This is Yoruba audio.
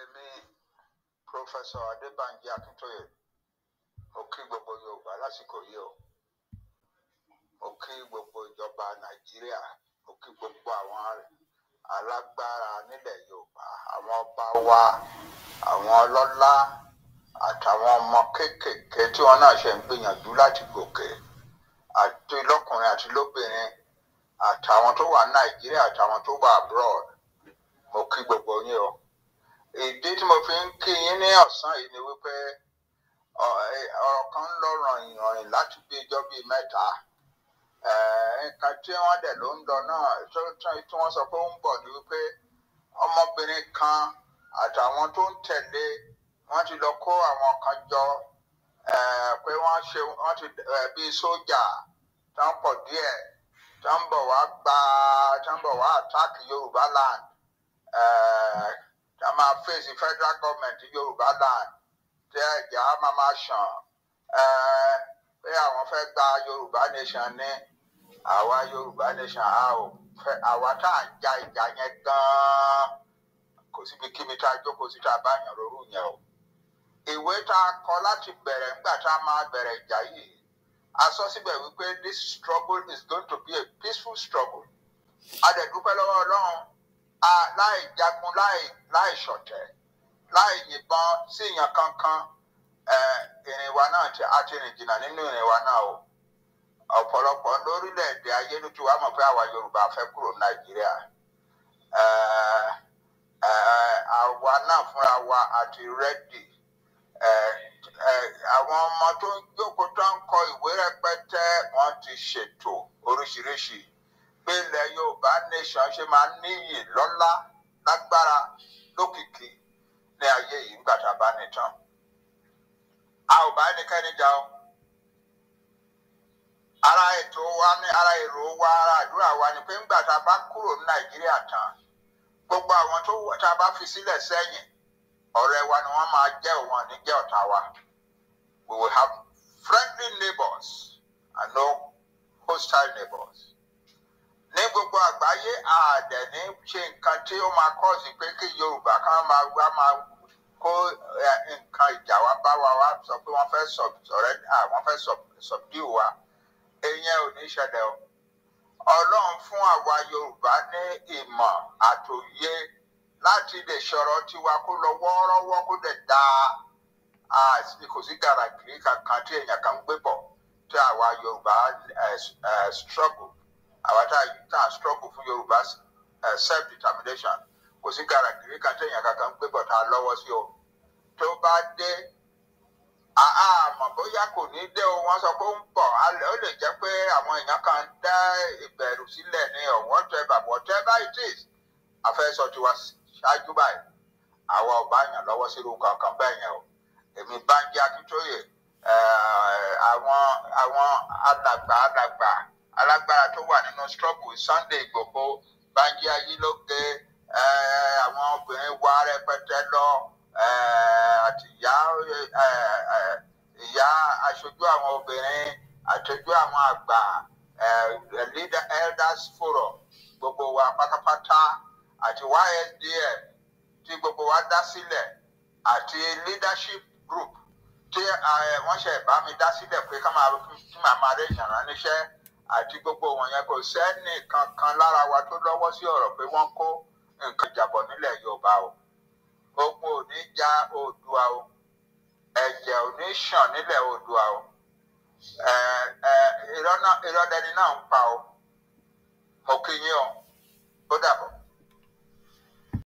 èmi pọfẹsọ adébànjì akíntóyè mo kí gbogbo yorùbá lásìkò yìí o mo kí gbogbo ìjọba nàìjíríà mo kí gbogbo àwọn alágbára nílẹ̀ yorùbá àwọn ọba wa àwọn ọlọ́lá àtàwọn ọmọ kéékèèké tí wọ́n náà ṣe ń gbìyànjú láti gòkè àti lọ́kùnrin àti lóbìnrin àtàwọn tó wà nàìjíríà àtàwọn tó wà abroad mo kí gbogbo yín mo fi ń kí yín ní ọ̀sán yìí ni wípé ọ̀rọ̀ kan lọ ràn yàn láti bí ijọ́ bíi mẹ́ta nǹkan tí wọ́n dẹ̀ ló ń lọ náà tí wọ́n sọ pé ó ń bọ̀ ni wípé ọmọbìnrin kan àtàwọn tó ń tẹ̀lé wọ́n ti lọ kó àwọn kan jọ pé wọ́n ṣe wọ́n ti bíi sójà tó ń pọ̀ díẹ̀ tó ń bọ̀ wá gba tó ń bọ̀ wá attack Yorùbá land tá a máa federal government Yoruba land tẹ ẹ̀jẹ̀ á máa máa ṣàn pé àwọn fẹ́ gba yorùbá nation ní àwa Yoruba nation a ò fẹ́ àwa tá à ń ja ìjà yẹn gan-an kò síbi kíbi tá a jókòó sí tá bá yàn lóru yẹn o ìwé tá kọ láti bẹ̀rẹ̀ ńgbà tá a máa bẹ̀rẹ̀ ìjà yìí a sọ síbẹ̀ this struggle is going to be a peaceful struggle a dẹ̀ dúpẹ́ lọ́wọ́ ọlọ́run. láì jagun láì láì ṣọ̀tẹ̀ láì yìnbọn sí èèyàn kankan ìrìn wa náà àti ìrìn jìnnà nínú ìrìn wa náà o ọ̀pọ̀lọpọ̀ lórílẹ̀‐èdè ayé ló ti wá mọ̀ pé àwa Yorùbá fẹ́ kúrò Nàìjíríà àwa náà fúnra wa àti rẹ́dì àwọn ọmọ tó ń jókòó tó ń kọ ìwé rẹpẹtẹ wọ́n ti ṣètò oríṣiríṣi. bí ilẹ̀ Yorùbá nation ṣe máa níyì lọ́lá lágbára lókìkí ní ayé yìí nígbà tá a bá nìtàn a ò bá ẹnikẹ́ni jà ara ètò wa ní ara èrò wa ara àdúrà wa ni pé ńgbà tá a bá kúrò ní Nàìjíríà tán gbogbo àwọn tó tá a bá fi sílẹ̀ sẹ́yìn ọ̀rẹ́ wa ni wọ́n máa jẹ́ òun àní jẹ́ ọ̀tá wa we will have friendly neighbors and no hostile neighbors. gbogbo àgbáyé àdẹ̀ ṣe nǹkan tí ó máa kọ́ọ̀sì pé kí Yorùbá kan máa wá máa kó nǹkan ìjà wa bá wa wá sọ pé wọ́n fẹ́ subdue wa ìyẹn ò ní ṣẹlẹ̀ o Ọlọ́run fún àwa Yorùbá ní ìmọ̀ àtòyé láti lè sọ̀rọ̀ tiwa kó lọ wọ́ọ́rọ́wọ́ kó dẹ̀ dáa kò sí gàràgìrì kankan tí èèyàn kan ń gbé bọ̀ tí àwa Yorùbá struggle àwa tá a struggle fún Yorùbá eh, self determination kò sí gàràgìrì kan téèyàn kankan pé bọ̀ tá a lọ́wọ́ sí o tó bá dé àmọ́ bóyá kò ní dé o wọ́n sọ pé ó ń bọ̀ ó lè jẹ́ pé àwọn èèyàn kan dá ìbẹ̀rù sílẹ̀ ní or whatever whatever it is àfẹ́sọ tiwa ṣáájú báyìí àwa ọba yàn lọ́wọ́ sí irú kankan bẹ́ẹ̀ yẹn o èmi Bánjí Akíntóyè eh, àwọn àwọn alàgbà alàgbà àwọn struggle Sunday Igboho Banji Ayiloke eh, àwọn obìnrin wa rẹpẹtẹ lọ eh, àti ìyá eh, ìyá aṣojú àwọn obìnrin àtẹjú àwọn àgbà elders forum gbogbo wa pátápátá àti YSDM tí gbogbo wa dá sílẹ̀ àti leadership group tí wọ́n ṣe bá mi dá sílẹ̀ pé ká máa fi máa máa rẹ̀ àti gbogbo wọn yẹn kò sẹ́ni kankan lára wa tó lọ́wọ́ sí ọ̀rọ̀ pé wọ́n kó nǹkan ìjàbọ̀ nílẹ̀ Yorùbá o ogun ò ní ja Oòduà o ẹ̀jẹ̀ ò ní ṣàn nílẹ̀ Oòduà o irọ́ dẹni náà ń pa o mo kí yín o ó dàbọ̀.